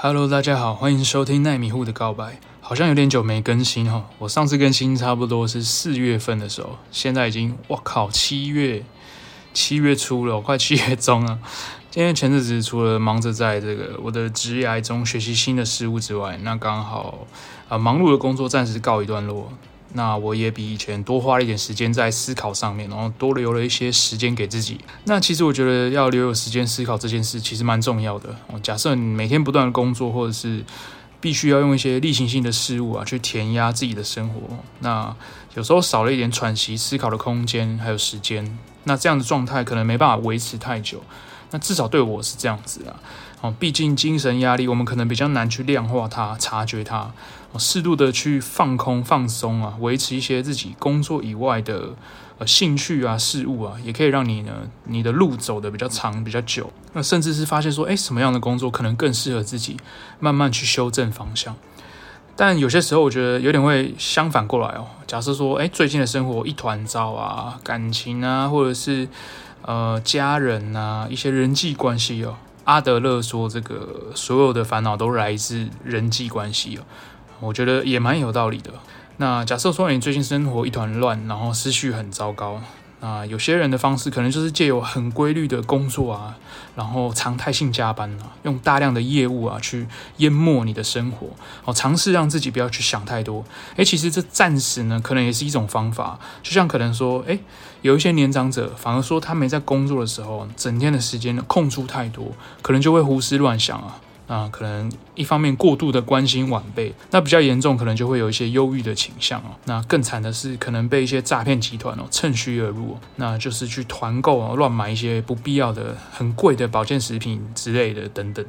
Hello，大家好，歡迎收聽奈米戶的告白。好像有點久沒更新哈、哦，我上次更新差不多是四月份的時候，現在已經我靠七月七月初了，我快七月中啊。今天前日子除了忙着在這個我的職涯中學習新的事物之外，那剛好啊、呃、忙碌的工作暫時告一段落。那我也比以前多花了一點時間在思考上面，然後多留了一些時間給自己。那其實我覺得要留有時間思考這件事，其實蠻重要的。假設你每天不斷的工作，或者是必須要用一些例行性的事物啊，去填壓自己的生活，那有時候少了一點喘息、思考的空間，還有時間，那這樣的狀態可能沒辦法維持太久。那至少對我是這樣子啊。哦，畢竟精神壓力，我們可能比較難去量化它、察覺它。適度的去放空、放鬆啊，維持一些自己工作以外的呃興趣啊、事物啊，也可以讓你呢，你的路走得比較長、比較久。那甚至是發現說，欸，什麼樣的工作可能更適合自己，慢慢去修正方向。但有些時候，我覺得有點會相反過來哦。假設說，欸，最近的生活一團糟啊，感情啊，或者是呃家人吶，一些人際關係哦。阿德勒說，這個所有的煩惱都來自人際關係哦。我覺得也蠻有道理的。那假設說你最近生活一團亂，然後思緒很糟糕，那有些人的方式可能就是借由很規律的工作啊，然後常態性加班啊，用大量的業務啊去淹沒你的生活，哦，嘗試讓自己不要去想太多。誒、欸，其實這暫時呢，可能也是一種方法。就像可能說，誒、欸，有一些年長者反而說他沒在工作的時候，整天的時間空出太多，可能就會胡思亂想啊。啊，可能一方面過度的關心晚輩，那比較嚴重，可能就會有一些憂鬱的傾向哦。那更慘的是，可能被一些詐騙集團哦趁虛而入，那就是去團購啊，亂買一些不必要的、很貴的保健食品之類的等等。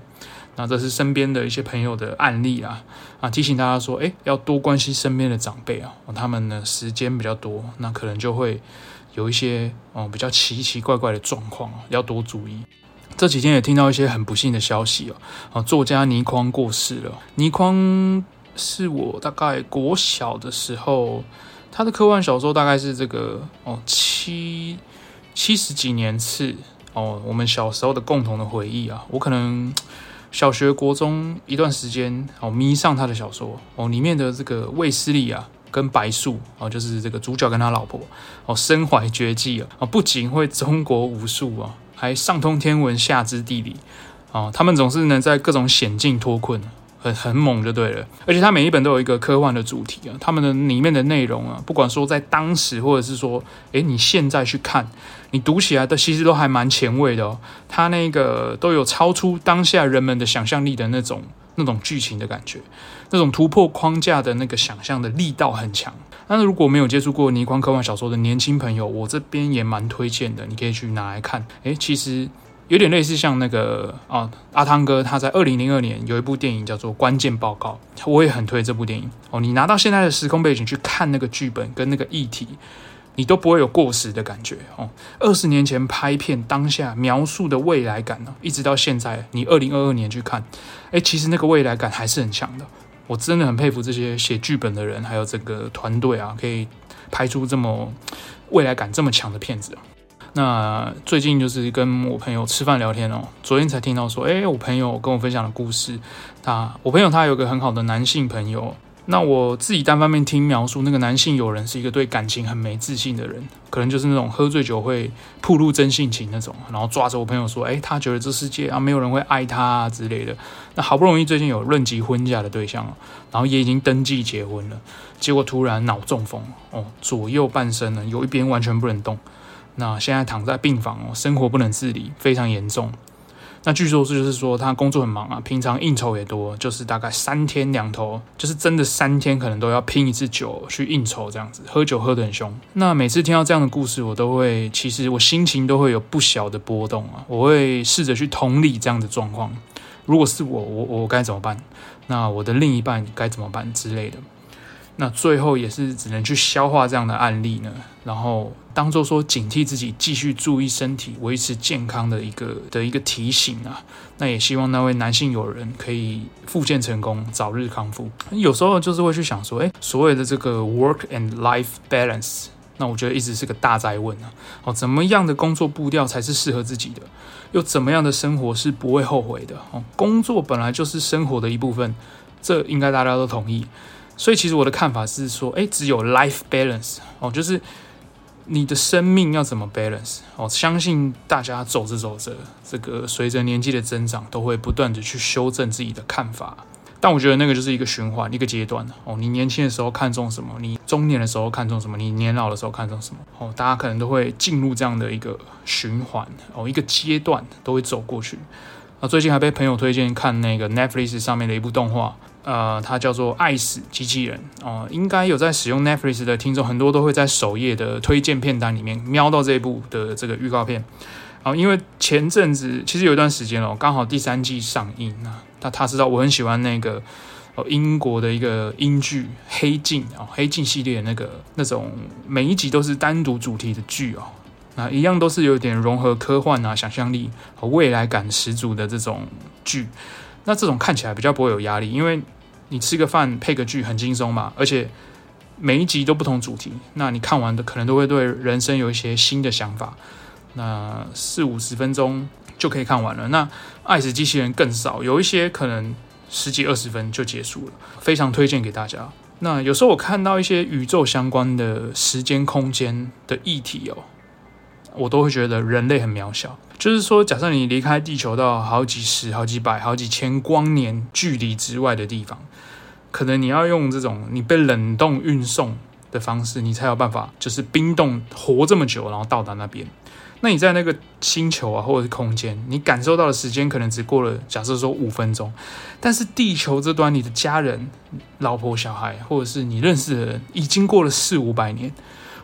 那這是身邊的一些朋友的案例啊啊，提醒大家說，哎、欸，要多關心身邊的長輩啊，他們呢時間比較多，那可能就會有一些哦比較奇奇怪怪的狀況哦，要多注意。這幾天也聽到一些很不幸的消息哦、啊啊，作家倪匡過世了。倪匡是我大概國小的時候，他的科幻小說大概是這個哦七七十幾年次哦，我們小時候的共同的回憶啊。我可能小學、國中一段時間、哦、迷上他的小說哦，裡面的這個衛斯理啊跟白素啊、哦，就是這個主角跟他老婆哦，身懷絕技啊，啊、哦，不僅會中國武術啊。還上通天文下知地理，啊、哦，他們總是能在各種險境脫困，很很猛就對了。而且他每一本都有一個科幻的主題啊，他們的裡面的內容啊，不管說在當時，或者是說，哎，你現在去看，你讀起來的其實都還蠻前衛的、哦。他那個都有超出當下人們的想象力的那種那種劇情的感覺，那種突破框架的那個想象的力道很強。但是如果沒有接觸過倪匡科幻小說的年輕朋友，我這邊也蠻推薦的，你可以去拿來看。誒、欸，其實有點類似像那個啊，阿湯哥他在二零零二年有一部電影叫做《關鍵報告》，我也很推這部電影哦。你拿到現在的時空背景去看那個劇本跟那個議題，你都不會有過時的感覺哦。二十年前拍片當下描述的未來感呢，一直到現在，你二零二二年去看，誒、欸，其實那個未來感還是很強的。我真的很佩服這些寫劇本的人，還有這個團隊啊，可以拍出這麼未來感這麼強的片子。那最近就是跟我朋友吃飯聊天哦，昨天才聽到說，哎，我朋友跟我分享的故事，他我朋友他有個很好的男性朋友。那我自己單方面聽描述，那個男性友人是一個對感情很沒自信的人，可能就是那種喝醉酒會暴露真性情那種，然後抓着我朋友說，誒，他覺得這世界啊，沒有人會愛他啊之類的。那好不容易最近有論及婚嫁的對象了，然後也已經登記結婚了，結果突然腦中風，哦，左右半身呢有一邊完全不能動，那現在躺在病房哦，生活不能自理，非常嚴重。那據說就是說他工作很忙啊，平常應酬也多，就是大概三天兩頭，就是真的三天可能都要拼一次酒去應酬這樣子，喝酒喝得很凶。那每次聽到這樣的故事，我都會，其實我心情都會有不小的波動啊，我會試着去同理這樣的狀況。如果是我，我我該怎麼辦？那我的另一半該怎麼辦之類的？那最後也是只能去消化這樣的案例呢，然後當做說警惕自己，繼續注意身體，維持健康的一個的一個提醒啊。那也希望那位男性友人可以復健成功，早日康復。有時候就是會去想說，誒，所謂的這個 work and life balance，那我覺得一直是個大哉問啊。哦，怎麼樣的工作步調才是適合自己的？又怎麼樣的生活是不會後悔的？哦，工作本來就是生活的一部分，這應該大家都同意。所以，其實我的看法是說，誒，只有 life balance 哦，就是你的生命要怎麼 balance 哦，相信大家走着走着，這個隨着年紀的增長，都會不斷的去修正自己的看法。但我覺得那個就是一個循環，一個階段哦。你年輕的時候看重什麼？你中年的時候看重什麼？你年老的時候看重什麼？哦，大家可能都會進入這樣的一個循環哦，一個階段都會走過去。啊，最近還被朋友推薦看那個 Netflix 上面的一部動畫，呃，它叫做《愛死機器人》哦、呃。應該有在使用 Netflix 的聽眾，很多都會在首頁的推薦片單裡面瞄到這一部的這個預告片。啊、呃，因為前陣子其實有一段時間哦，剛好第三季上映啊。那他知道我很喜歡那個哦、呃、英國的一個英劇《黑鏡》啊，《黑鏡》系列的那個那種每一集都是單獨主題的劇哦。一樣都是有點融合科幻啊、想象力和未來感十足的這種劇。那這種看起來比較不會有壓力，因為你吃個飯配個劇很輕鬆嘛。而且每一集都不同主題，那你看完的可能都會對人生有一些新的想法。那四五十分鐘就可以看完了。那《愛死機器人》更少，有一些可能十幾二十分就結束了，非常推薦給大家。那有時候我看到一些宇宙相關的時間、空間的議題哦。我都會覺得人類很渺小，就是說，假設你離開地球到好幾十、好幾百、好幾千光年距離之外的地方，可能你要用這種你被冷凍運送的方式，你才有辦法，就是冰凍活這麼久，然後到達那邊。那你在那個星球啊，或者是空間，你感受到的時間可能只過了假設說五分鐘，但是地球這端你的家人、老婆、小孩，或者是你認識的人，已經過了四五百年。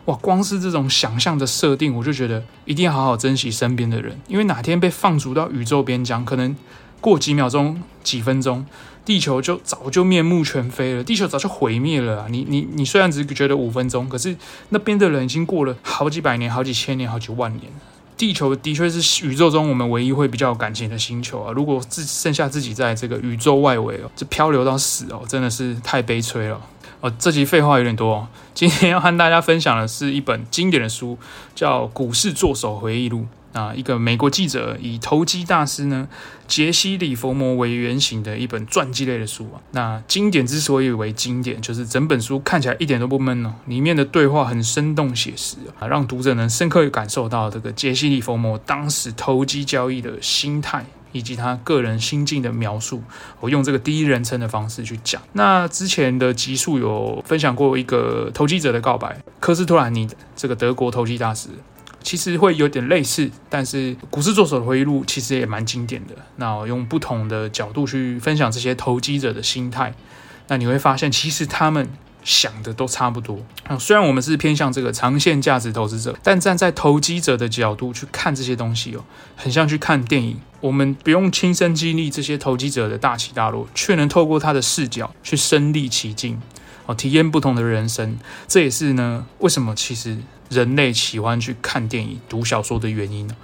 哇，光是這種想象的設定，我就覺得一定要好好珍惜身邊的人，因為哪天被放逐到宇宙邊疆，可能過幾秒鐘、幾分鐘，地球就早就面目全非了，地球早就毀滅了啊！你、你、你雖然只覺得五分鐘，可是那邊的人已經過了好幾百年、好幾千年、好幾萬年，地球的確是宇宙中我們唯一會比較有感情的星球啊！如果只剩下自己在這個宇宙外圍、喔，哦，這漂流到死哦、喔，真的是太悲催了、喔。哦，這集廢話有點多哦。今天要和大家分享的是一本經典的書，叫《股市作手回憶錄》啊，一個美國記者以投機大師呢傑西·利佛摩為原型的一本傳記類的書啊。那經典之所以為經典，就是整本書看起來一點都不悶哦，裡面的對話很生動寫實啊、哦，讓讀者能深刻感受到這個傑西·利佛摩當時投機交易的心態。以及他個人心境的描述，我用這個第一人稱的方式去講。那之前的集數有分享過一個投機者的告白，科斯托蘭尼這個德國投機大師，其實會有點類似，但是股市作手的回憶錄其實也蠻經典的。那我用不同的角度去分享這些投機者的心態，那你會發現，其實他們，想的都差不多啊，哦，雖然我們是偏向這個長線價值投資者，但站在投機者的角度去看這些東西哦，很像去看電影。我們不用親身經歷這些投機者的大起大落，卻能透過他的視角去身歷其境，哦，體驗不同的人生。這也是呢，為什麼其實人類喜歡去看電影、讀小說的原因呢？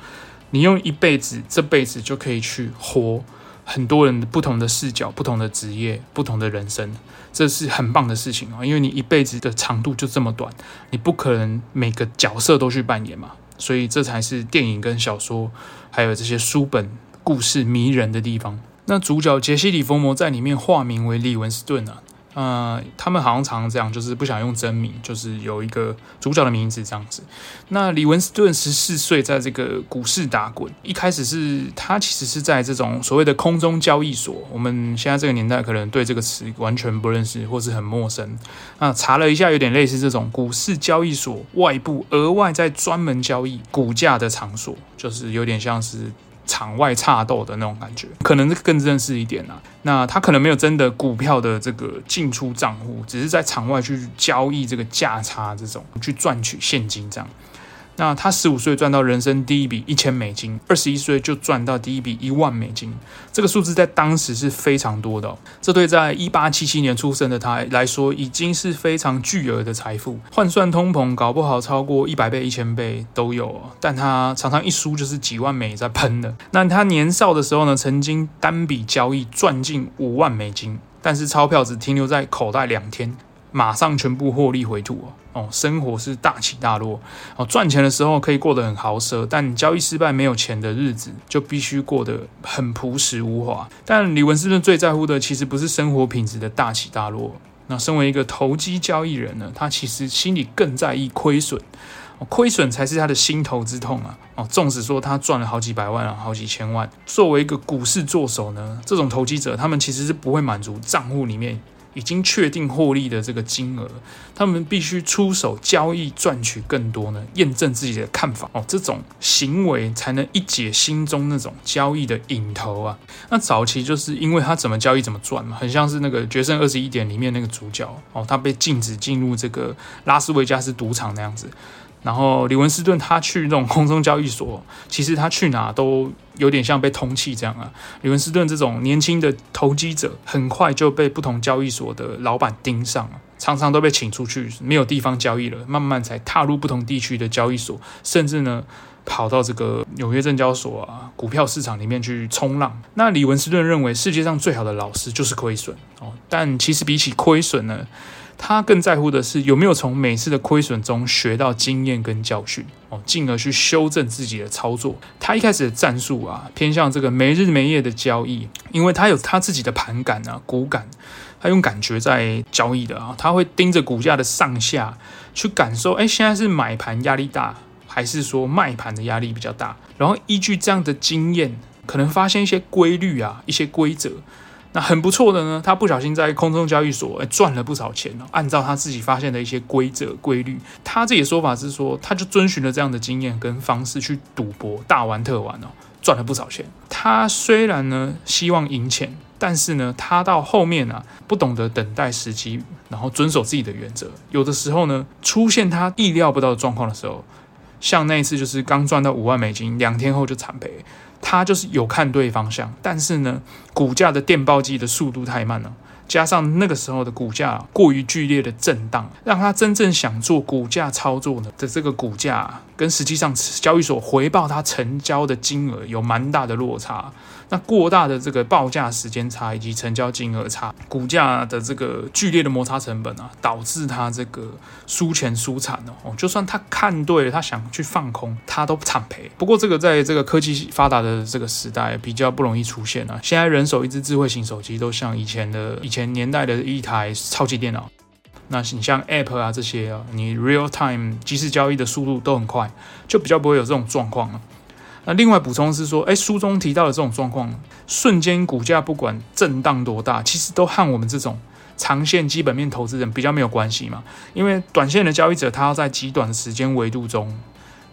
你用一輩子、這輩子就可以去活。很多人不同的視角、不同的職業、不同的人生，這是很棒的事情啊，哦！因為你一輩子的長度就這麼短，你不可能每個角色都去扮演嘛，所以這才是電影跟小說還有這些書本故事迷人的地方。那主角傑西·李佛摩在裡面化名為利文斯頓啊。呃，他們好像常常這樣，就是不想用真名，就是有一個主角的名字這樣子。那李文斯頓十四歲，在這個股市打滾。一開始是他其實是在這種所謂的空中交易所，我們現在這個年代可能對這個詞完全不認識或是很陌生。那查了一下，有點類似這種股市交易所外部額外在專門交易股價的場所，就是有點像是。場外差鬥的那種感覺，可能這更正式一點啊。那他可能沒有真的股票的這個進出賬戶，只是在場外去交易這個價差，這種去賺取現金這樣。那他十五歲賺到人生第一筆一千美金，二十一歲就賺到第一筆一萬美金，這個數字在當時是非常多的哦。這對在一八七七年出生的他來說，已經是非常巨額的財富，換算通膨，搞不好超過一百倍、一千倍都有哦。但他常常一輸就是幾萬美在噴的。那他年少的時候呢，曾經單筆交易賺進五萬美金，但是鈔票只停留在口袋兩天。馬上全部獲利回吐，啊、哦，生活是大起大落哦，賺錢的時候可以過得很豪奢，但交易失敗沒有錢的日子就必須過得很樸實無華。但李文斯頓最在乎的，其實不是生活品質的大起大落。那身為一個投機交易人呢，他其實心裡更在意虧損，哦、虧損才是他的心頭之痛啊哦。縱使說他賺了好幾百萬啊，好幾千萬，作為一個股市作手呢，這種投機者他們其實是不會滿足賬戶裡面已經確定獲利的這個金額，他們必須出手交易賺取更多呢，驗證自己的看法哦。這種行為才能一解心中那種交易的癮頭啊。那早期就是因為他怎麼交易怎麼賺嘛，很像是那個《決勝二十一點》裡面那個主角哦，他被禁止進入這個拉斯維加斯賭場那樣子。然後李文斯頓他去那種空中交易所，其實他去哪都有點像被通氣這樣啊。李文斯頓這種年輕的投機者，很快就被不同交易所的老闆盯上了啊，常常都被請出去，沒有地方交易了，慢慢才踏入不同地區的交易所，甚至呢跑到這個紐約證交所啊股票市場裡面去衝浪。那李文斯頓認為世界上最好的老師就是虧損哦，但其實比起虧損呢。他更在乎的是有沒有從每次的虧損中學到經驗跟教訓哦，進而去修正自己的操作。他一開始的戰術啊，偏向這個沒日沒夜的交易，因為他有他自己的盤感啊、股感，他用感覺在交易的啊，他會盯着股價的上下去感受，誒、哎，現在是買盤壓力大，還是說賣盤的壓力比較大？然後依據這樣的經驗，可能發現一些規律啊、一些規則。那很不錯的呢，他不小心在空中交易所賺了不少錢哦，按照他自己發現的一些規則規律，他自己的說法是說，他就遵循了這樣的經驗跟方式去賭博，大玩特玩哦，賺了不少錢。他雖然呢希望贏錢，但是呢他到後面啊不懂得等待時機，然後遵守自己的原則，有的時候呢出現他意料不到的狀況的時候，像那一次就是剛賺到五萬美金，兩天後就慘賠。他就是有看對方向，但是呢，股價的電報機的速度太慢了。加上那個時候的股價過於劇烈的震盪，讓他真正想做股價操作呢的這個股價，跟實際上交易所回報他成交的金額有蠻大的落差。那過大的這個報價時間差以及成交金額差，股價的這個劇烈的摩擦成本啊，導致他這個輸錢輸慘了。哦，就算他看對了，他想去放空，他都不慘賠。不過這個在這個科技發達的這個時代比較不容易出現啊，現在人手一只智慧型手機，都像以前的以前。年代的一台超級電腦，那你像 app 啊這些、啊，你 Real Time 即時交易的速度都很快，就比較不會有這種狀況了、啊。那另外補充是說，誒，書中提到的這種狀況，瞬間股價不管震盪多大，其實都和我們這種長線基本面投資人比較沒有關係嘛。因為短線的交易者他要在極短的時間維度中，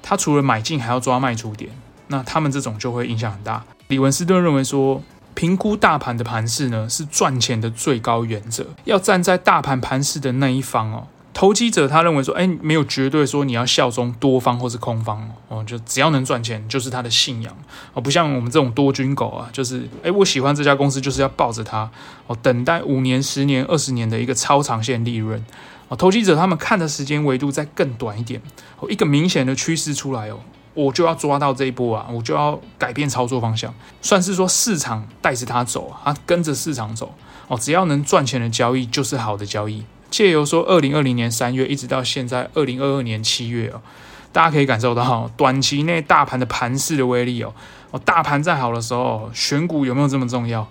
他除了買進還要抓賣出點，那他們這種就會影響很大。李文斯頓認為說，評估大盤的盤勢呢，是賺錢的最高原則。要站在大盤盤勢的那一方哦。投機者他認為說，哎，沒有絕對說你要效忠多方或是空方哦，就只要能賺錢就是他的信仰哦。不像我們這種多軍狗啊，就是哎，我喜歡這家公司，就是要抱着它哦，等待五年、十年、二十年的一個超長線利潤哦。投機者他們看的時間維度再更短一點哦，一個明顯的趨勢出來哦。我就要抓到這一波啊！我就要改變操作方向，算是說市場帶着他走，啊，跟着市場走哦。只要能賺錢的交易就是好的交易。借由說，二零二零年三月一直到現在二零二二年七月哦，大家可以感受到、哦、短期內大盤的盤勢的威力哦。哦，大盤再好的時候，選股有沒有這麼重要？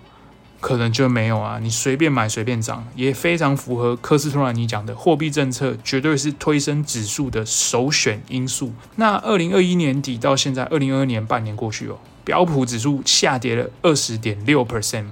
可能就沒有啊，你隨便買隨便漲，也非常符合科斯托蘭尼講的，貨幣政策絕對是推升指數的首選因素。那二零二一年底到現在，二零二二年半年過去哦，標普指數下跌了二十點六 percent。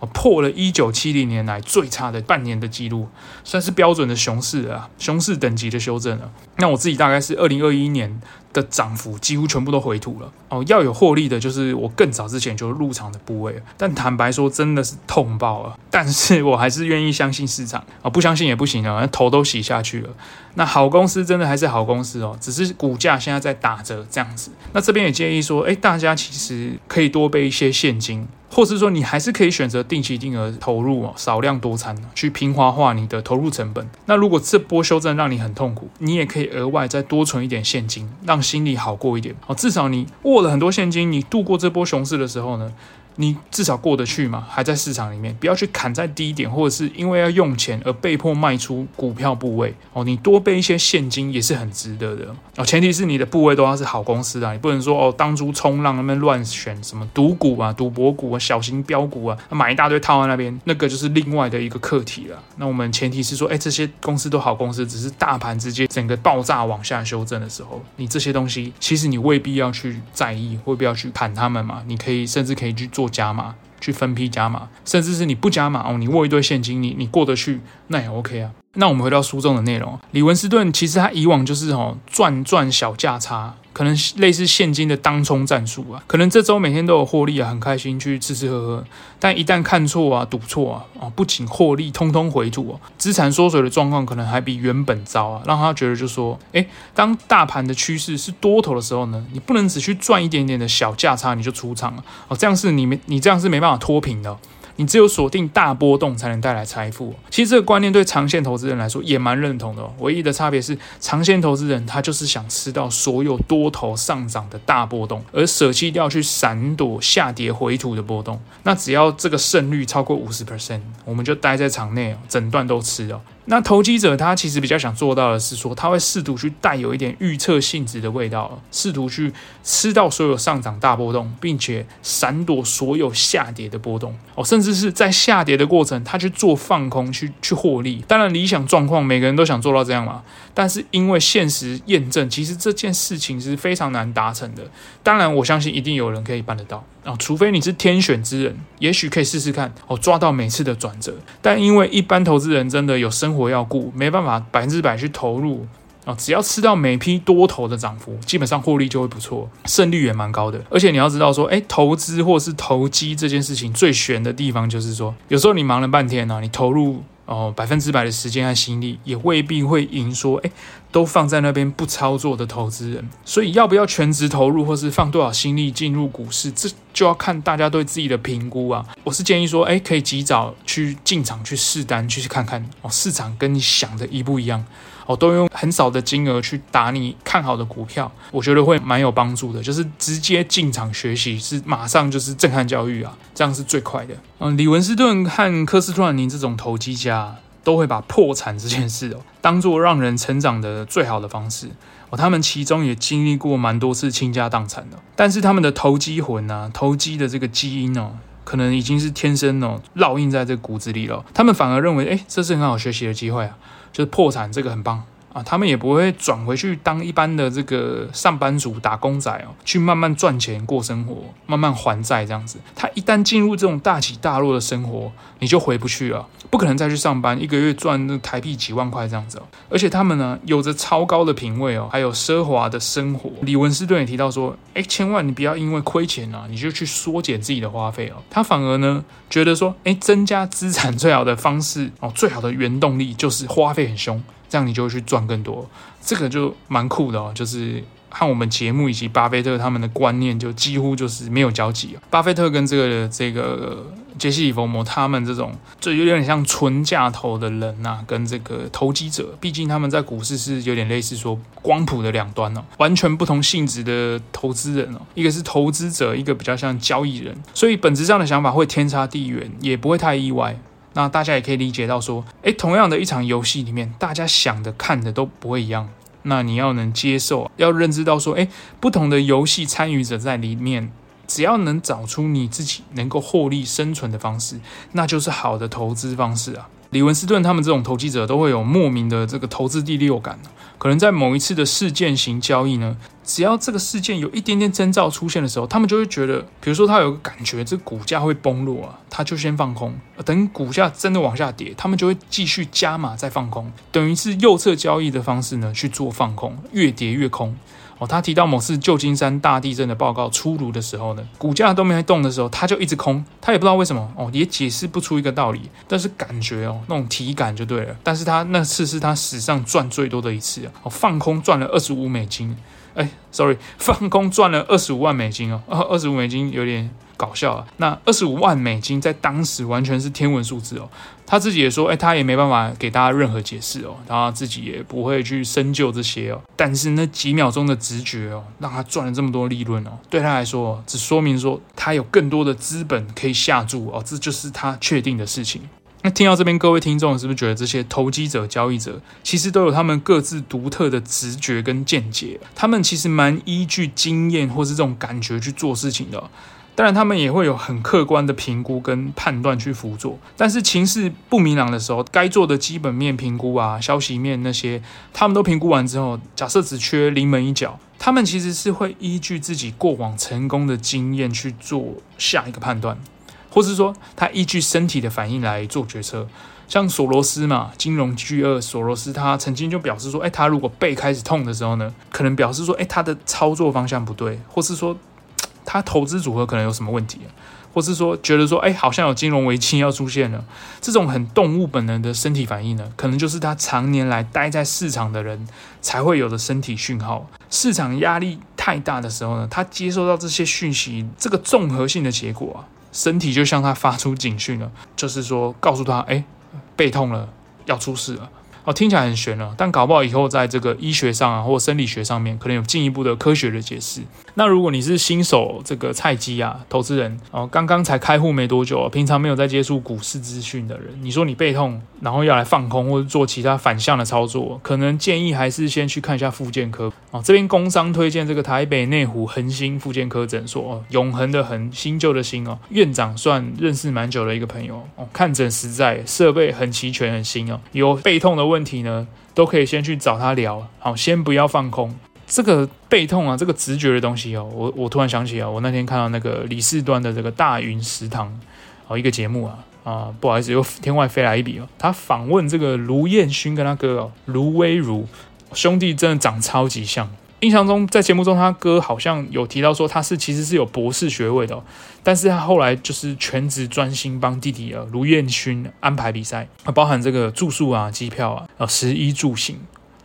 我、哦、破了一九七零年來最差的半年的記錄，算是標準的熊市了啊，熊市等級的修正了。那我自己大概是二零二一年的漲幅幾乎全部都回吐了哦，要有獲利的就是我更早之前就入場的部位，但坦白說，真的是痛爆了，但是我還是願意相信市場啊、哦，不相信也不行啊，頭都洗下去了。那好公司真的還是好公司哦，只是股價現在在打折這樣子。那這邊也建議說，誒，大家其實可以多備一些現金。或是說，你還是可以選擇定期定額投入哦，少量多餐，去平滑化你的投入成本。那如果這波修正讓你很痛苦，你也可以額外再多存一點現金，讓心裡好過一點哦。至少你握了很多現金，你度過這波熊市的時候呢，你至少過得去嘛？還在市場裡面，不要去砍在低點，或者是因為要用錢而被迫賣出股票部位哦。你多備一些現金也是很值得的哦。前提是你的部位都要是好公司啊，你不能說哦，當初衝浪那邊亂選什麼賭股啊、賭博股啊、小型標股啊，買一大堆套在那邊，那個就是另外的一個課題了。那我們前提是說，哎、欸，這些公司都好公司，只是大盤直接整個爆炸往下修正的時候，你這些東西其實你未必要去在意，未必要去砍他們嘛。你可以甚至可以去做。加碼，去分批加碼，甚至是你不加碼哦，你握一堆現金，你你過得去，那也 OK 啊。那我們回到書中的內容，李文斯頓其實他以往就是哦賺賺小價差。可能類似現今的當沖戰術啊，可能這週每天都有獲利啊，很開心去吃吃喝喝。但一旦看錯啊，賭錯啊，啊，不僅獲利通通回吐啊，資產縮水的狀況可能還比原本糟啊，讓他覺得就說，誒、欸，當大盤的趨勢是多頭的時候呢，你不能只去賺一點點的小價差你就出場了，哦，這樣是你沒，你這樣是沒辦法脫貧的。你只有鎖定大波動才能帶來財富。其實這個觀念對長線投資人來說也蠻認同的。唯一的差別是，長線投資人他就是想吃到所有多頭上漲的大波動，而捨棄掉去閃躲下跌回吐的波動。那只要這個勝率超過五十 percent，我們就待在場內，整段都吃哦。那投機者他其實比較想做到的是說，他會試圖去帶有一點預測性質的味道，試圖去吃到所有上漲大波動，並且閃躲所有下跌的波動哦，甚至是在下跌的過程他去做放空去去獲利。當然，理想狀況每個人都想做到這樣嘛，但是因為現實驗證，其實這件事情是非常難達成的。當然，我相信一定有人可以辦得到。啊、哦，除非你是天選之人，也許可以試試看哦，抓到每次的轉折。但因為一般投資人真的有生活要顧，沒辦法百分之百去投入。啊、哦，只要吃到每批多頭的漲幅，基本上獲利就會不錯，勝率也蠻高的。而且你要知道說，哎、欸，投資或是投機這件事情最懸的地方就是說，有時候你忙了半天呢、啊，你投入。哦，百分之百的時間和心力也未必會贏，說、欸、誒，都放在那邊不操作的投資人，所以要不要全職投入，或是放多少心力進入股市，這就要看大家對自己的評估啊。我是建議說，誒、欸，可以及早去進場去試單，去看看哦，市場跟你想的一不一樣。哦，都用很少的金額去打你看好的股票，我覺得會蠻有幫助的。就是直接進場學習，是馬上就是震撼教育啊，這樣是最快的。嗯、呃，李文斯頓和科斯托蘭尼這種投機家，都會把破產這件事哦，當做讓人成長的最好的方式哦。他們其中也經歷過蠻多次傾家蕩產的，但是他們的投機魂吶、啊，投機的這個基因哦，可能已經是天生哦，烙印在這個骨子裡了。他們反而認為，哎，這是很好學習的機會啊。就是破產，這個很棒。啊，他們也不會轉回去當一般的這個上班族打工仔哦，去慢慢賺錢過生活，慢慢還債這樣子。他一旦進入這種大起大落的生活，你就回不去了，不可能再去上班，一個月賺台幣幾萬塊這樣子哦。而且他們呢，有着超高的品味哦，還有奢華的生活。李文斯頓也提到說，哎，千萬你不要因為虧錢啊，你就去縮減自己的花費哦。他反而呢，覺得說，哎，增加資產最好的方式哦，最好的原動力就是花費很兇。這樣你就會去賺更多，這個就蠻酷的哦、喔。就是和我們節目以及巴菲特他們的觀念就幾乎就是沒有交集、喔、巴菲特跟這個這個傑西·李佛摩他們這種，就有點像純價投的人吶、啊，跟這個投機者。畢竟他們在股市是有點類似說光譜的兩端哦、喔，完全不同性質的投資人哦、喔，一個是投資者，一個比較像交易人，所以本質上的想法會天差地遠，也不會太意外。那大家也可以理解到，說，誒、欸，同樣的一場遊戲裡面，大家想的、看的都不會一樣。那你要能接受，要認知到，說，誒、欸，不同的遊戲參與者在裡面，只要能找出你自己能夠獲利生存的方式，那就是好的投資方式啊。李文斯頓他們這種投機者都會有莫名的這個投資第六感，可能在某一次的事件型交易呢。只要這個事件有一點點徵兆出現的時候，他們就會覺得，比如說他有個感覺，這股價會崩落啊，他就先放空，呃、等股價真的往下跌，他們就會繼續加碼再放空，等於是右側交易的方式呢去做放空，越跌越空。哦，他提到某次舊金山大地震的報告出爐的時候呢，股價都沒動的時候，他就一直空，他也不知道為什麼哦，也解釋不出一個道理，但是感覺哦，那種體感就對了。但是他那次是他史上賺最多的一次，啊、哦，放空賺了二十五美金。哎，sorry，放空賺了二十五萬美金哦，二二十五美金有點搞笑啊。那二十五萬美金在當時完全是天文數字哦。他自己也說，哎，他也沒辦法給大家任何解釋哦，他自己也不會去深究這些哦。但是那幾秒鐘的直覺哦，讓他賺了這麼多利潤哦，對他來說只說明說他有更多的資本可以下注哦，這就是他確定的事情。那聽到這邊，各位聽眾是不是覺得這些投機者、交易者其實都有他們各自獨特的直覺跟見解？他們其實蠻依據經驗或是這種感覺去做事情的。當然，他們也會有很客觀的評估跟判斷去輔助。但是情勢不明朗的時候，該做的基本面評估啊、消息面那些，他們都評估完之後，假設只缺臨門一腳，他們其實是會依據自己過往成功的經驗去做下一個判斷。或是說他依據身體的反應來做決策，像索羅斯嘛，金融巨鱷索羅斯，他曾經就表示說，哎、欸，他如果背開始痛的時候呢，可能表示說，哎、欸，他的操作方向不對，或是說他投資組合可能有什麼問題，或是說覺得說，哎、欸，好像有金融危機要出現了。這種很動物本能的身體反應呢，可能就是他常年來待在市場的人才會有的身體訊號，市場壓力太大的時候呢，他接收到這些訊息，這個綜合性的結果啊。身體就向他發出警訊了，就是說告訴他，哎，背痛了，要出事了。哦，聽起來很玄了啊，但搞不好以後在這個醫學上啊，或生理學上面，可能有進一步的科學的解釋。那如果你是新手，這個菜雞啊，投資人哦，剛剛才開戶沒多久啊，平常沒有在接觸股市資訊的人，你說你背痛，然後要來放空或者做其他反向的操作，可能建議還是先去看一下復健科。哦，這邊工商推薦這個台北內湖恆新復健科診所哦，永恆的恆，新舊的新哦，院長算認識蠻久的一個朋友哦，看診實在，設備很齊全，很新哦。有背痛的問題呢，都可以先去找他聊，好，哦，先不要放空。這個背痛啊，這個直覺的東西哦、啊，我我突然想起啊，我那天看到那個李四端的這個大雲食堂，哦，一個節目啊啊，不好意思，又天外飛來一筆哦、啊，他訪問這個盧彥勳跟那個哦盧威儒兄弟，真的長超級像。印象中在節目中他哥好像有提到說他是其實是有博士學位的，但是他後來就是全職專心幫弟弟盧彥勳安排比賽，包含這個住宿啊、機票啊、呃食衣住行。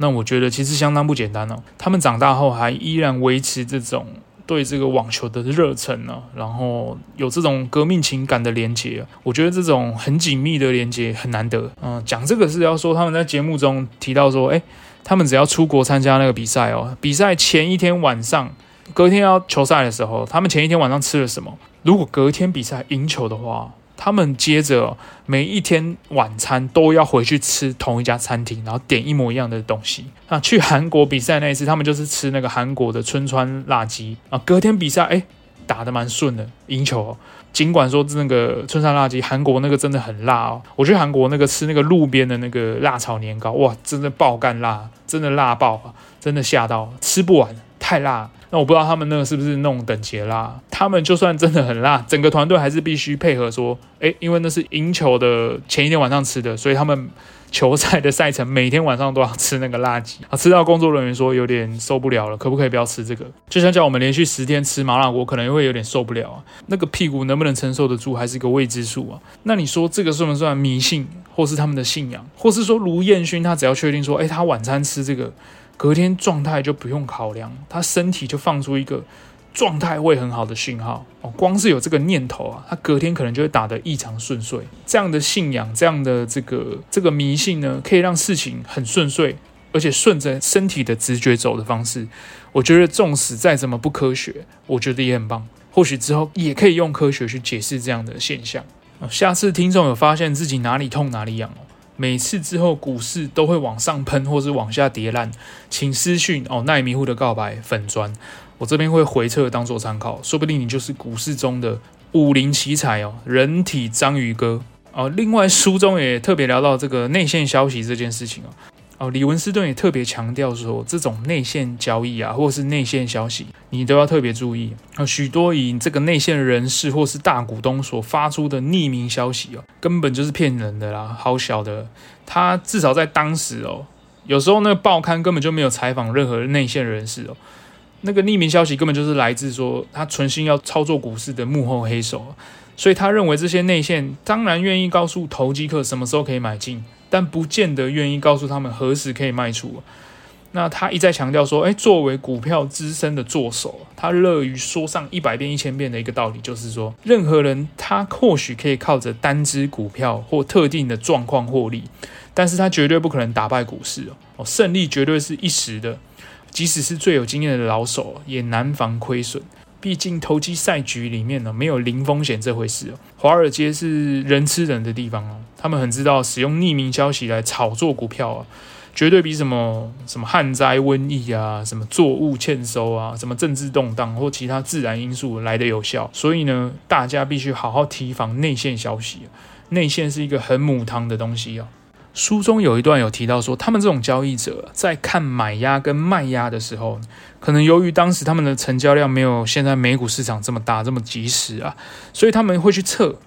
那我覺得其實相當不簡單哦，他們長大後還依然維持這種對這個網球的熱忱呢、啊，然後有這種革命情感的連接、啊，我覺得這種很緊密的連接很難得。嗯，講這個是要說他們在節目中提到說，誒，他們只要出國參加那個比賽哦，比賽前一天晚上，隔天要球賽的時候，他們前一天晚上吃了什麼？如果隔天比賽贏球的話。他們接着每一天晚餐，都要回去吃同一家餐廳，然後點一模一樣的東西。那去韓國比賽那一次，他們就是吃那個韓國的春川辣雞啊。隔天比賽，哎、欸，打得蠻順的，贏球、哦。儘管說是那個春川辣雞，韓國那個真的很辣哦。我去韓國那個吃那個路邊的那個辣炒年糕，哇，真的爆幹辣，真的辣爆、啊、真的嚇到，吃不完，太辣。那我不知道他們那個是不是那種等級辣，他們就算真的很辣，整個團隊還是必須配合說，誒、欸，因為那是贏球的前一天晚上吃的，所以他們球賽的賽程每天晚上都要吃那個辣雞啊，吃到工作人員說有點受不了了，可不可以不要吃這個？就像叫我們連續十天吃麻辣鍋，可能又會有點受不了啊，那個屁股能不能承受得住還是一個未知數啊。那你說這個算不算迷信，或是他們的信仰，或是說盧彥勳他只要確定說，誒、欸，他晚餐吃這個？隔天狀態就不用考量，他身體就放出一個狀態會很好的信號哦。光是有這個念頭啊，他隔天可能就會打得異常順遂。這樣的信仰，這樣的這個這個迷信呢，可以讓事情很順遂，而且順着身體的直覺走的方式，我覺得縱使再怎麼不科學，我覺得也很棒。或許之後也可以用科學去解釋這樣的現象。哦，下次聽眾有發現自己哪裡痛哪裡癢哦。每次之後股市都會往上噴或是往下跌爛，請私訊哦，耐迷糊的告白粉專，我這邊會回測當做參考，說不定你就是股市中的武林奇才哦，人體章魚哥哦。另外書中也特別聊到這個內線消息這件事情哦。哦，李文斯頓也特別強調說，這種內線交易啊，或者是內線消息，你都要特別注意。哦、呃，許多以這個內線人士或是大股東所發出的匿名消息哦，根本就是騙人的啦。好小的，他至少在當時哦，有時候那個報刊根本就沒有採訪任何內線人士哦，那個匿名消息根本就是來自說他存心要操作股市的幕後黑手，所以他認為這些內線當然願意告訴投機客什麼時候可以買進。但不見得願意告訴他們何時可以賣出。那他一再強調說：“誒，作為股票資深的作手，他樂於說上一百遍、一千遍的一個道理，就是說，任何人他或許可以靠着單隻股票或特定的狀況獲利，但是他絕對不可能打敗股市哦。勝利絕對是一時的，即使是最有經驗的老手，也難防虧損。畢竟投機賽局裡面呢，沒有零風險這回事哦。華爾街是人吃人的地方哦。”他們很知道使用匿名消息來炒作股票啊，絕對比什麼什麼旱災、瘟疫啊，什麼作物欠收啊，什麼政治動盪或其他自然因素來得有效。所以呢，大家必須好好提防內線消息啊。內線是一個很母湯的東西哦啊。書中有一段有提到說，他們這種交易者在看買壓跟賣壓的時候，可能由於當時他們的成交量沒有現在美股市場這麼大、這麼及時啊，所以他們會去測。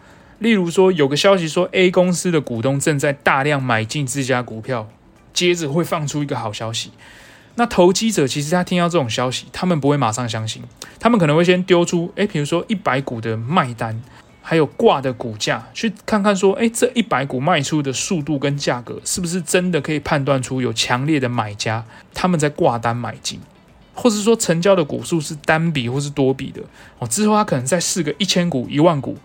例如說，有個消息說 A 公司的股東正在大量買進自家股票，接着會放出一個好消息。那投機者其實他聽到這種消息，他們不會馬上相信，他們可能會先丟出，誒比如說一百股的賣單，還有掛的股價，去看看說，誒這一百股賣出的速度跟價格是不是真的可以判斷出有強烈的買家他們在掛單買進，或者說成交的股數是單筆或是多筆的。哦，之後他可能再試個一千股、一萬股。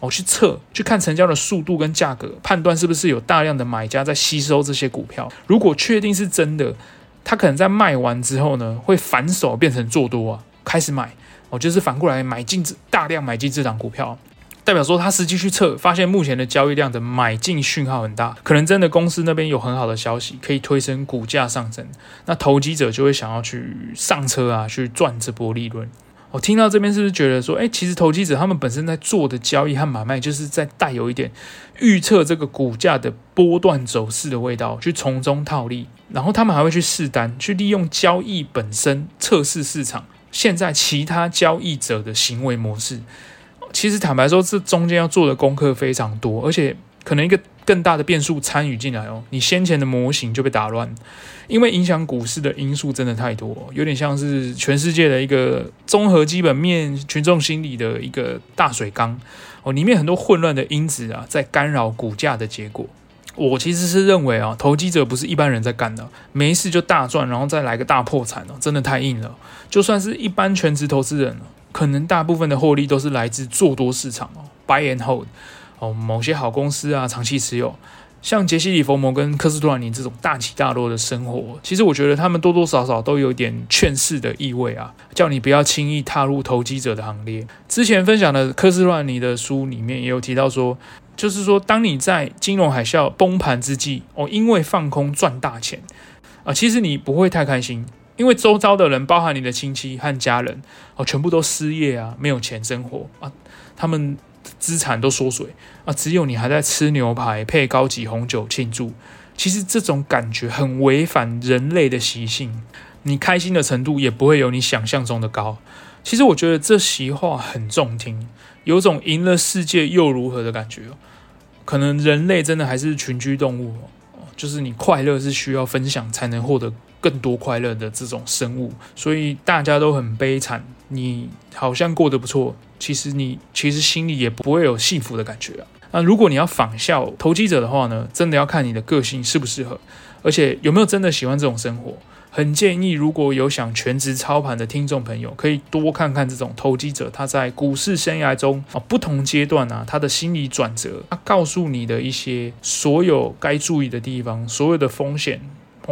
我去測，去看成交的速度跟價格，判斷是不是有大量的買家在吸收這些股票。如果確定是真的，他可能在賣完之後呢，會反手變成做多啊，開始買。哦，就是反過來買進，大量買進這檔股票，代表說他實際去測，發現目前的交易量的買進訊號很大，可能真的公司那邊有很好的消息，可以推升股價上升。那投機者就會想要去上車啊，去賺這波利潤。我聽到這邊是不是覺得說，誒，其實投機者他們本身在做的交易和買賣，就是在帶有一點預測這個股價的波段走勢的味道，去從中套利，然後他們還會去試單，去利用交易本身測試市場，現在其他交易者的行為模式，其實坦白說，這中間要做的功課非常多，而且。可能一個更大的變數參與進來哦，你先前的模型就被打亂，因為影響股市的因素真的太多哦，有點像是全世界的一個綜合基本面、群眾心理的一個大水缸哦，裡面很多混亂的因子啊，在干擾股價的結果。我其實是認為啊，投機者不是一般人在幹的，沒事就大賺，然後再來個大破產哦，真的太硬了。就算是一般全職投資人，可能大部分的獲利都是來自做多市場哦，buy and hold。哦，某些好公司啊，長期持有，像傑西·里佛摩跟科斯托蘭尼這種大起大落的生活，其實我覺得他們多多少少都有點勸世的意味啊，叫你不要輕易踏入投機者的行列。之前分享的科斯托蘭尼的書裡面也有提到說，就是說，當你在金融海嘯崩盤之際，哦，因為放空賺大錢啊，其實你不會太開心，因為周遭的人，包含你的親戚和家人，哦，全部都失業啊，沒有錢生活啊，他們。資產都縮水啊！只有你還在吃牛排配高級紅酒慶祝。其實這種感覺很違反人類的習性，你開心的程度也不會有你想象中的高。其實我覺得這席話很中聽，有種贏了世界又如何的感覺。可能人類真的還是群居動物，就是你快樂是需要分享才能獲得更多快樂的這種生物，所以大家都很悲慘。你好像過得不錯。其實你其實心裡也不會有幸福的感覺啊。那如果你要仿效投機者的話呢，真的要看你的個性適不適合，而且有沒有真的喜歡這種生活？很建議，如果有想全職操盤的聽眾朋友，可以多看看這種投機者，他在股市生涯中啊，不同階段啊，他的心理轉折，他告訴你的一些所有該注意的地方，所有的風險。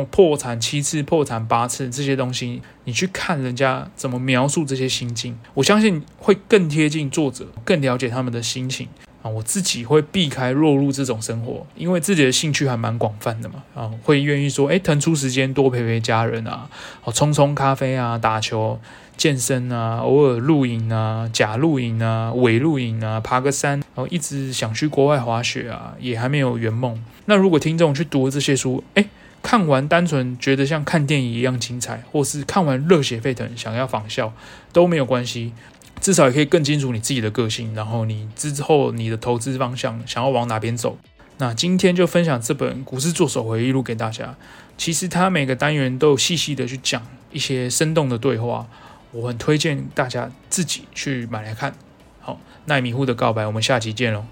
破產七次，破產八次，這些東西你去看人家怎麼描述這些心境，我相信會更貼近作者，更了解他們的心情啊。我自己會避開落入這種生活，因為自己的興趣還蠻廣泛的嘛啊，會願意說誒，騰出時間多陪陪家人啊，沖沖咖啡啊，打球、健身啊，偶爾露營啊，假露營啊，偽露營啊，爬個山，然後一直想去國外滑雪啊，也還沒有圓夢。那如果聽眾去讀這些書，誒看完單純覺得像看電影一樣精彩，或是看完熱血沸騰想要仿效都沒有關係，至少也可以更清楚你自己的個性，然後你之後你的投資方向想要往哪邊走。那今天就分享這本《股市作手回憶錄》給大家，其實它每個單元都有細細的去講一些生動的對話，我很推薦大家自己去買來看。好，耐迷糊的告白，我們下期見嘍。